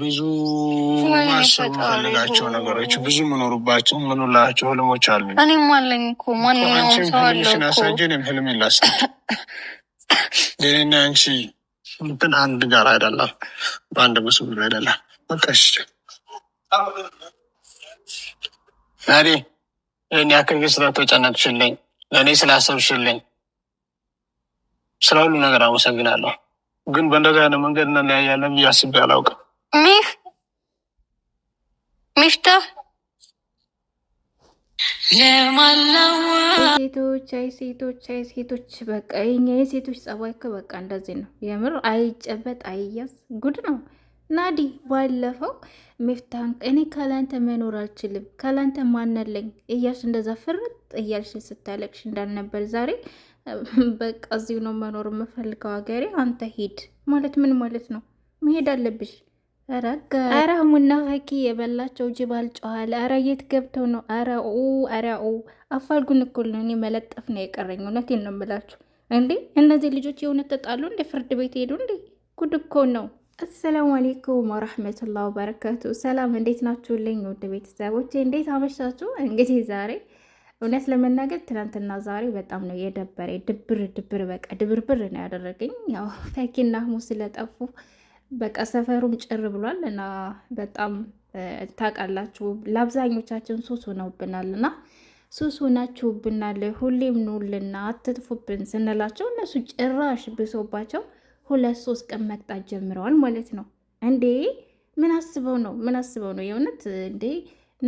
ብዙ ማሰብ ነገሮች ብዙ ምኖሩባቸው ምኑላቸው ህልሞች አሉ። እኔም አለኝ እኮ ማንኛውም ሰው አለው። ህልም የላስ የኔና አንቺ እንትን አንድ ጋር አይደለም፣ በአንድ መስሉ አይደለም። በቃሽ ናዲ፣ ይህን ያክል ግን ስለተጨነቅሽልኝ፣ ለእኔ ስላሰብሽልኝ፣ ስለ ሁሉ ነገር አመሰግናለሁ። ግን በእንደዚህ አይነት መንገድ እንለያያለን ብዬ አስቤ አላውቅም። ሚፍ ሚፍታህ ሴቶች አይ ሴቶች አይ ሴቶች በቃ የኛ የሴቶች ጸባይ እኮ በቃ እንደዚህ ነው። የምር አይጨበጥ አይያዝ ጉድ ነው። ናዲ ባለፈው ሚፍታህን እኔ ካላንተ መኖር አልችልም፣ ካላንተ ማነለኝ እያልሽ እንደዛ ፍርጥ እያልሽ ስታለቅሽ እንዳልነበር ዛሬ በቃ እዚሁ ነው መኖር የምፈልገው ሀገሬ፣ አንተ ሂድ ማለት ምን ማለት ነው? መሄድ አለብሽ አረ ሙና ሀኪ የበላቸው ጅባል ጨዋል። አረ የት ገብተው ነው? አረ አረ ኧረ ኡ አፋልጉን ነው። እኔ መለጠፍ ነው የቀረኝ። እውነቴን ነው የምላችሁ። እንዴ እነዚህ ልጆች የእውነት ተጣሉ እንዴ? ፍርድ ቤት ሄዱ እንዴ? ጉድ እኮ ነው። አሰላሙ አሌይኩም ወረህመቱላህ ወበረከቱ። ሰላም እንዴት ናችሁልኝ? ውድ ቤተሰቦቼ እንዴት አመሻችሁ? እንግዲህ ዛሬ እውነት ለመናገር ትናንትና ዛሬ በጣም ነው የደበረ ድብር ድብር በቃ ድብርብር ነው ያደረገኝ። ያው ፈኪና አህሙ ስለጠፉ በቃ ሰፈሩም ጭር ብሏል እና በጣም ታውቃላችሁ፣ ለአብዛኞቻችን ሱስ ሆነውብናል እና ሱስ ሆናችሁብናል፣ ሁሌም ኑልና አትጥፉብን ስንላቸው እነሱ ጭራሽ ብሶባቸው ሁለት ሶስት ቀን መቅጣት ጀምረዋል ማለት ነው። እንዴ ምን አስበው ነው? ምን አስበው ነው? የእውነት እንዴ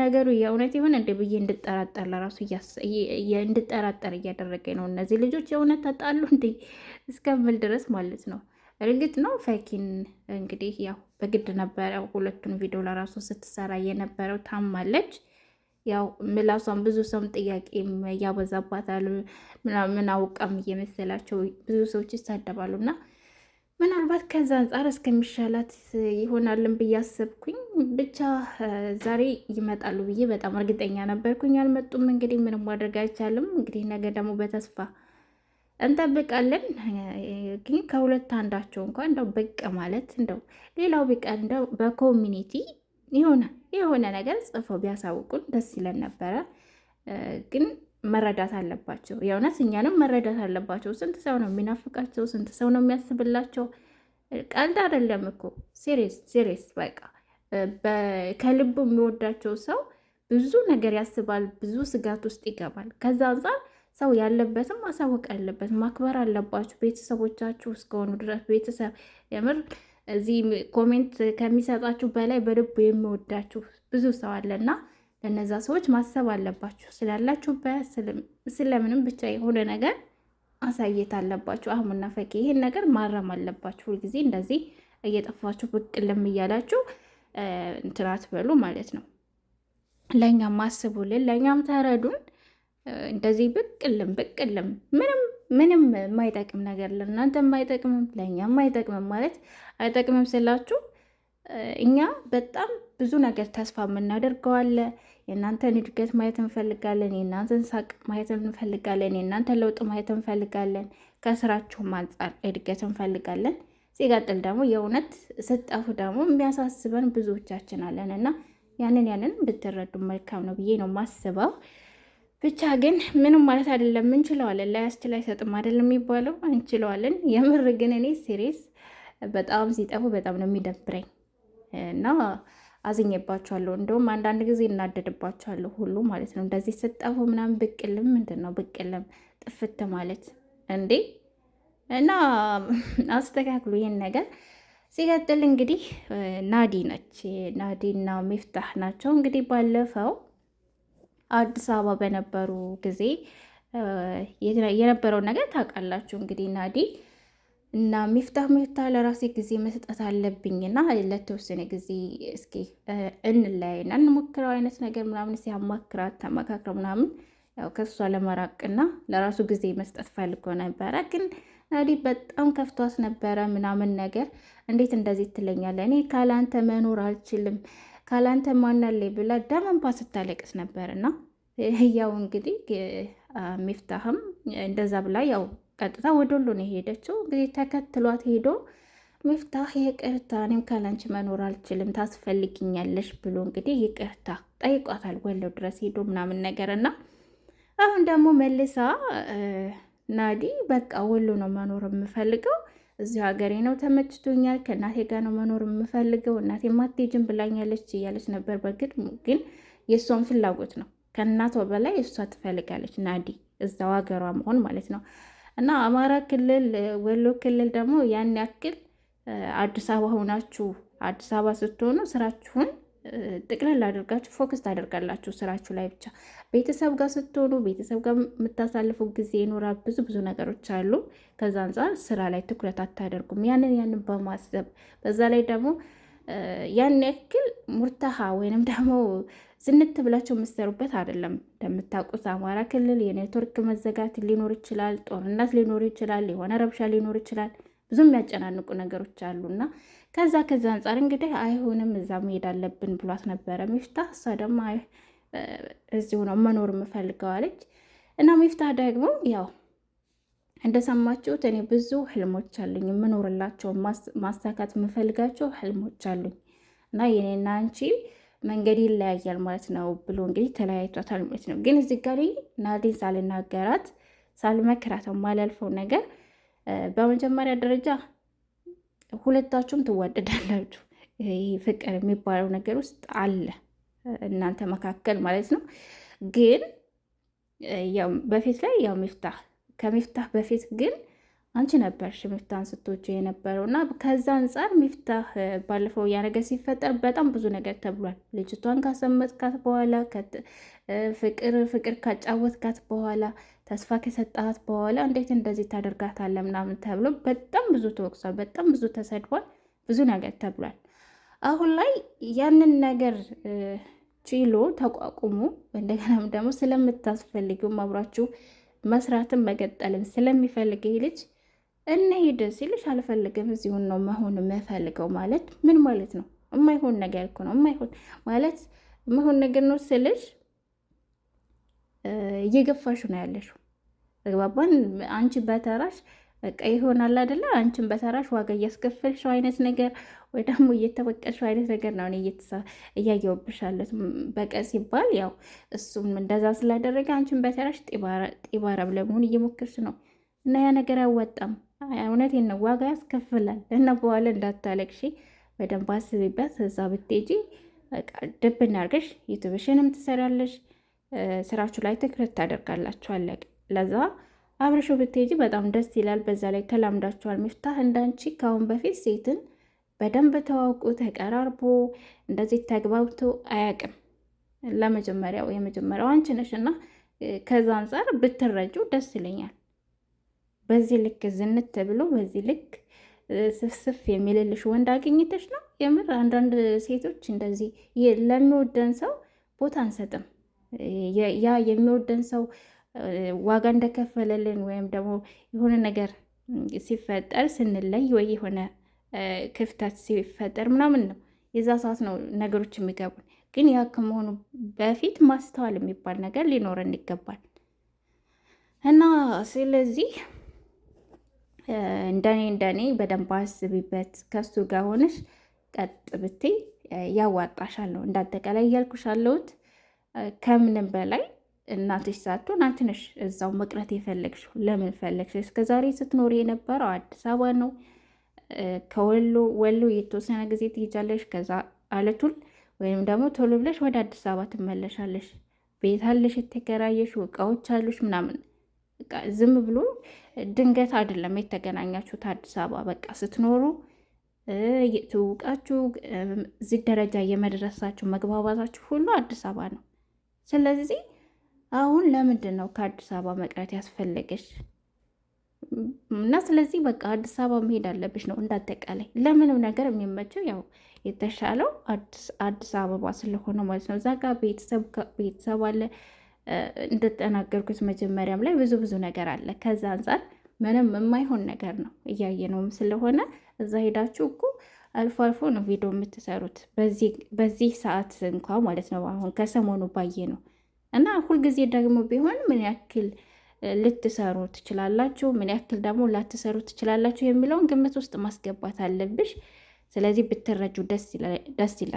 ነገሩ የእውነት የሆነ እንደ ብዬ እንድጠራጠር ለራሱ እንድጠራጠር እያደረገ ነው። እነዚህ ልጆች የእውነት ተጣሉ እንዴ እስከምል ድረስ ማለት ነው። እርግጥ ነው ፈኪን እንግዲህ ያው በግድ ነበረ ሁለቱን ቪዲዮ ለራሱ ስትሰራ የነበረው ታማለች። ያው ምላሷን ብዙ ሰውም ጥያቄ ያበዛባታል ምናምን አውቃም እየመሰላቸው ብዙ ሰዎች ይሳደባሉ እና ምናልባት ከዛ አንጻር እስከሚሻላት ይሆናልን ብዬ አሰብኩኝ። ብቻ ዛሬ ይመጣሉ ብዬ በጣም እርግጠኛ ነበርኩኝ። አልመጡም። እንግዲህ ምንም ማድረግ አይቻልም። እንግዲህ ነገ ደግሞ በተስፋ እንጠብቃለን። ግን ከሁለት አንዳቸው እንኳን እንደው ብቅ ማለት እንደው ሌላው ቢቀር እንደው በኮሚኒቲ የሆነ የሆነ ነገር ጽፈው ቢያሳውቁን ደስ ይለን ነበረ። ግን መረዳት አለባቸው፣ የእውነት እኛንም መረዳት አለባቸው። ስንት ሰው ነው የሚናፍቃቸው? ስንት ሰው ነው የሚያስብላቸው? ቀልድ አይደለም እኮ ሴሪየስ ሴሪየስ። በቃ ከልቡ የሚወዳቸው ሰው ብዙ ነገር ያስባል፣ ብዙ ስጋት ውስጥ ይገባል። ከዛ አንጻር ሰው ያለበትም ማሳወቅ ያለበት ማክበር አለባችሁ። ቤተሰቦቻችሁ እስከሆኑ ድረስ ቤተሰብ የምር እዚህ ኮሜንት ከሚሰጣችሁ በላይ በልቡ የሚወዳችሁ ብዙ ሰው አለና ለነዛ ሰዎች ማሰብ አለባችሁ። ስላላችሁበት ስለምንም ብቻ የሆነ ነገር ማሳየት አለባችሁ። አህሙና ፈቂ ይህን ነገር ማረም አለባችሁ። ሁልጊዜ እንደዚህ እየጠፋችሁ ብቅ ለምያላችሁ እንትናት በሉ ማለት ነው። ለእኛም አስቡልን፣ ለእኛም ተረዱን። እንደዚህ ብቅልም ብቅልም ምንም ምንም የማይጠቅም ነገር ለእናንተ የማይጠቅምም ለእኛ የማይጠቅምም ማለት አይጠቅምም ስላችሁ እኛ በጣም ብዙ ነገር ተስፋ የምናደርገዋለ የእናንተን እድገት ማየት እንፈልጋለን። የእናንተን ሳቅ ማየት እንፈልጋለን። የእናንተን ለውጥ ማየት እንፈልጋለን። ከስራችሁም አንጻር እድገት እንፈልጋለን። ሲቀጥል ደግሞ የእውነት ስጠፉ ደግሞ የሚያሳስበን ብዙዎቻችን አለን እና ያንን ያንን ብትረዱ መልካም ነው ብዬ ነው ማስበው። ብቻ ግን ምንም ማለት አይደለም፣ እንችለዋለን። ላያስችል አይሰጥም አይደለም የሚባለው፣ እንችለዋለን። የምር ግን እኔ ሲሪስ በጣም ሲጠፉ በጣም ነው የሚደብረኝ እና አዝኜባቸዋለሁ። እንደውም አንዳንድ ጊዜ እናደድባቸዋለሁ ሁሉ ማለት ነው። እንደዚህ ስጠፉ ምናምን ብቅልም ምንድን ነው ብቅልም ጥፍት ማለት እንዴ! እና አስተካክሉ ይህን ነገር። ሲቀጥል እንግዲህ ናዲ ነች ናዲና ሚፍታህ ናቸው እንግዲህ ባለፈው አዲስ አበባ በነበሩ ጊዜ የነበረውን ነገር ታውቃላችሁ። እንግዲህ ናዲ እና ሚፍታህ ሚፍታህ ለራሴ ጊዜ መስጠት አለብኝና ለተወሰነ ጊዜ እስኪ እንለያይና እንሞክረው አይነት ነገር ምናምን ሲያማክራት ተመካክረው ምናምን ያው ከሷ ለመራቅና ለራሱ ጊዜ መስጠት ፈልጎ ነበረ። ግን ናዲ በጣም ከፍቷት ነበረ ምናምን ነገር እንዴት እንደዚህ ትለኛለህ? እኔ ካላንተ መኖር አልችልም ካላንተ ማናለ ብላ ደም እንባ ስታለቅስ ነበር። እና ያው እንግዲህ ሚፍታህም እንደዛ ብላ ያው ቀጥታ ወደ ሁሉ ነው የሄደችው። እንግዲህ ተከትሏት ሄዶ ሚፍታህ ይቅርታ፣ እኔም ካላንቺ መኖር አልችልም፣ ታስፈልግኛለሽ ብሎ እንግዲህ ይቅርታ ጠይቋታል። ወሎ ድረስ ሄዶ ምናምን ነገር እና አሁን ደግሞ መልሳ ናዲ በቃ ወሎ ነው መኖር የምፈልገው እዚሁ ሀገሬ ነው ተመችቶኛል፣ ከእናቴ ጋር ነው መኖር የምፈልገው፣ እናቴ ማቴጅን ብላኛለች እያለች ነበር። በግድ ግን የእሷን ፍላጎት ነው ከእናቷ በላይ እሷ ትፈልጋለች፣ ናዲ እዛው ሀገሯ መሆን ማለት ነው። እና አማራ ክልል፣ ወሎ ክልል ደግሞ ያን ያክል አዲስ አበባ ሆናችሁ አዲስ አበባ ስትሆኑ ስራችሁን ጥቅልል አድርጋችሁ ፎከስ ታደርጋላችሁ ስራችሁ ላይ ብቻ። ቤተሰብ ጋር ስትሆኑ ቤተሰብ ጋር የምታሳልፉ ጊዜ ይኖራል። ብዙ ብዙ ነገሮች አሉ። ከዛ አንጻር ስራ ላይ ትኩረት አታደርጉም። ያንን ያንን በማሰብ በዛ ላይ ደግሞ ያን ያክል ሙርታሃ ወይንም ደግሞ ዝንት ብላቸው የምትሰሩበት አይደለም። እንደምታውቁት አማራ ክልል የኔትወርክ መዘጋት ሊኖር ይችላል፣ ጦርነት ሊኖር ይችላል፣ የሆነ ረብሻ ሊኖር ይችላል። ብዙ የሚያጨናንቁ ነገሮች አሉ እና ከዛ ከዚ አንጻር እንግዲህ አይሆንም እዛ መሄድ አለብን ብሏት ነበረ ሚፍታ። እሷ ደግሞ እዚሁ ነው መኖር ምፈልገዋለች እና ሚፍታ ደግሞ ያው እንደሰማችሁት እኔ ብዙ ህልሞች አሉኝ፣ የምኖርላቸው ማሳካት የምፈልጋቸው ህልሞች አሉኝ እና የኔና አንቺ መንገድ ይለያያል ማለት ነው ብሎ እንግዲህ ተለያይቷታል ማለት ነው። ግን እዚህ ጋር ናዲን ሳልናገራት ሳልመክራት ማላልፈው ነገር በመጀመሪያ ደረጃ ሁለታችሁም ትዋደዳላችሁ። ይሄ ፍቅር የሚባለው ነገር ውስጥ አለ እናንተ መካከል ማለት ነው። ግን በፊት ላይ ያው ሚፍታህ ከሚፍታህ በፊት ግን አንቺ ነበርሽ ሚፍታህን ስትወጪ የነበረው እና ከዛ አንጻር ሚፍታህ ባለፈው ያ ነገር ሲፈጠር በጣም ብዙ ነገር ተብሏል። ልጅቷን ካሰመጥካት በኋላ ፍቅር ፍቅር ካጫወትካት በኋላ ተስፋ ከሰጣት በኋላ እንዴት እንደዚህ ታደርጋታለህ ምናምን ተብሎ በጣም ብዙ ተወቅሷል። በጣም ብዙ ተሰድቧል። ብዙ ነገር ተብሏል። አሁን ላይ ያንን ነገር ችሎ ተቋቁሞ እንደገናም ደግሞ ስለምታስፈልጊውም አብራችሁ መስራትን መቀጠልን ስለሚፈልግ ይህ ልጅ እንሄድ ሲልሽ አልፈልግም እዚሁን ነው መሆን የምፈልገው ማለት ምን ማለት ነው? የማይሆን ነገር እኮ ነው። የማይሆን ማለት የማይሆን ነገር ነው ስልሽ እየገፋሽው ነው ያለሽው። ተግባባን? አንቺ በተራሽ በቃ ይሆናል አይደለ? አንቺን በተራሽ ዋጋ እያስከፈልሽው አይነት ነገር ወይ ደግሞ እየተበቀልሽው አይነት ነገር ነው እየተሳ እያየውብሻለት ያለሁት። ሲባል ያው እሱም እንደዛ ስላደረገ አንቺን በተራሽ ጢባረብ ለመሆን እየሞከርሽ ነው እና ያ ነገር አያዋጣም። እውነቴን ነው፣ ዋጋ ያስከፍላል እና በኋላ እንዳታለቅሺ በደንብ አስቢበት። እዛ ብትሄጂ በቃ ድብ እናርገሽ ዩቱብሽንም ትሰሪያለሽ ስራችሁ ላይ ትኩረት ታደርጋላችሁ። ለዛ አብረሹ ብትሄጂ በጣም ደስ ይላል። በዛ ላይ ተላምዳችኋል። ሚፍታህ እንዳንቺ ከአሁን በፊት ሴትን በደንብ ተዋውቁ ተቀራርቦ እንደዚህ ተግባብቶ አያውቅም። ለመጀመሪያው የመጀመሪያው አንቺ ነሽ እና ከዛ አንጻር ብትረጁ ደስ ይለኛል። በዚህ ልክ ዝንት ብሎ በዚህ ልክ ስፍስፍ የሚልልሽ ወንድ አገኝተሽ ነው። የምር አንዳንድ ሴቶች እንደዚህ ለሚወደን ሰው ቦታ አንሰጥም። ያ የሚወደን ሰው ዋጋ እንደከፈለልን ወይም ደግሞ የሆነ ነገር ሲፈጠር ስንለይ ወይ የሆነ ክፍተት ሲፈጠር ምናምን ነው የዛ ሰዓት ነው ነገሮች የሚገቡን። ግን ያ ከመሆኑ በፊት ማስተዋል የሚባል ነገር ሊኖረን ይገባል እና ስለዚህ እንደኔ እንደኔ በደንብ አስቢበት። ከሱ ጋር ሆነሽ ቀጥ ብትይ ያዋጣሻል ነው እንዳጠቃላይ እያልኩሽ አለሁት። ከምንም በላይ እናትሽ ሳትሆን አንቺ ነሽ እዛው መቅረት የፈለግሽው። ለምን ፈለግሽ? እስከዛሬ ስትኖር የነበረው አዲስ አበባ ነው። ከወሎ ወሎ የተወሰነ ጊዜ ትሄጃለሽ፣ ከዛ አለቱል ወይም ደግሞ ቶሎ ብለሽ ወደ አዲስ አበባ ትመለሻለሽ። ቤት አለሽ፣ የተከራየሽ እቃዎች አሉሽ ምናምን። ዝም ብሎ ድንገት አይደለም የተገናኛችሁት አዲስ አበባ። በቃ ስትኖሩ ትውቃችሁ፣ እዚህ ደረጃ የመድረሳችሁ መግባባታችሁ ሁሉ አዲስ አበባ ነው። ስለዚህ አሁን ለምንድን ነው ከአዲስ አበባ መቅረት ያስፈለገች እና ስለዚህ በቃ አዲስ አበባ መሄድ አለብሽ ነው እንዳጠቃላይ። ለምንም ነገር የሚመቸው ያው የተሻለው አዲስ አበባ ስለሆነ ማለት ነው። እዛ ጋር ቤተሰብ አለ፣ እንደተናገርኩት መጀመሪያም ላይ ብዙ ብዙ ነገር አለ። ከዛ አንጻር ምንም የማይሆን ነገር ነው እያየነውም ስለሆነ እዛ ሄዳችሁ እኮ አልፎ አልፎ ነው ቪዲዮ የምትሰሩት በዚህ ሰዓት እንኳ ማለት ነው። አሁን ከሰሞኑ ባየ ነው እና ሁልጊዜ ደግሞ ቢሆን ምን ያክል ልትሰሩ ትችላላችሁ፣ ምን ያክል ደግሞ ላትሰሩ ትችላላችሁ የሚለውን ግምት ውስጥ ማስገባት አለብሽ። ስለዚህ ብትረጁ ደስ ይላል።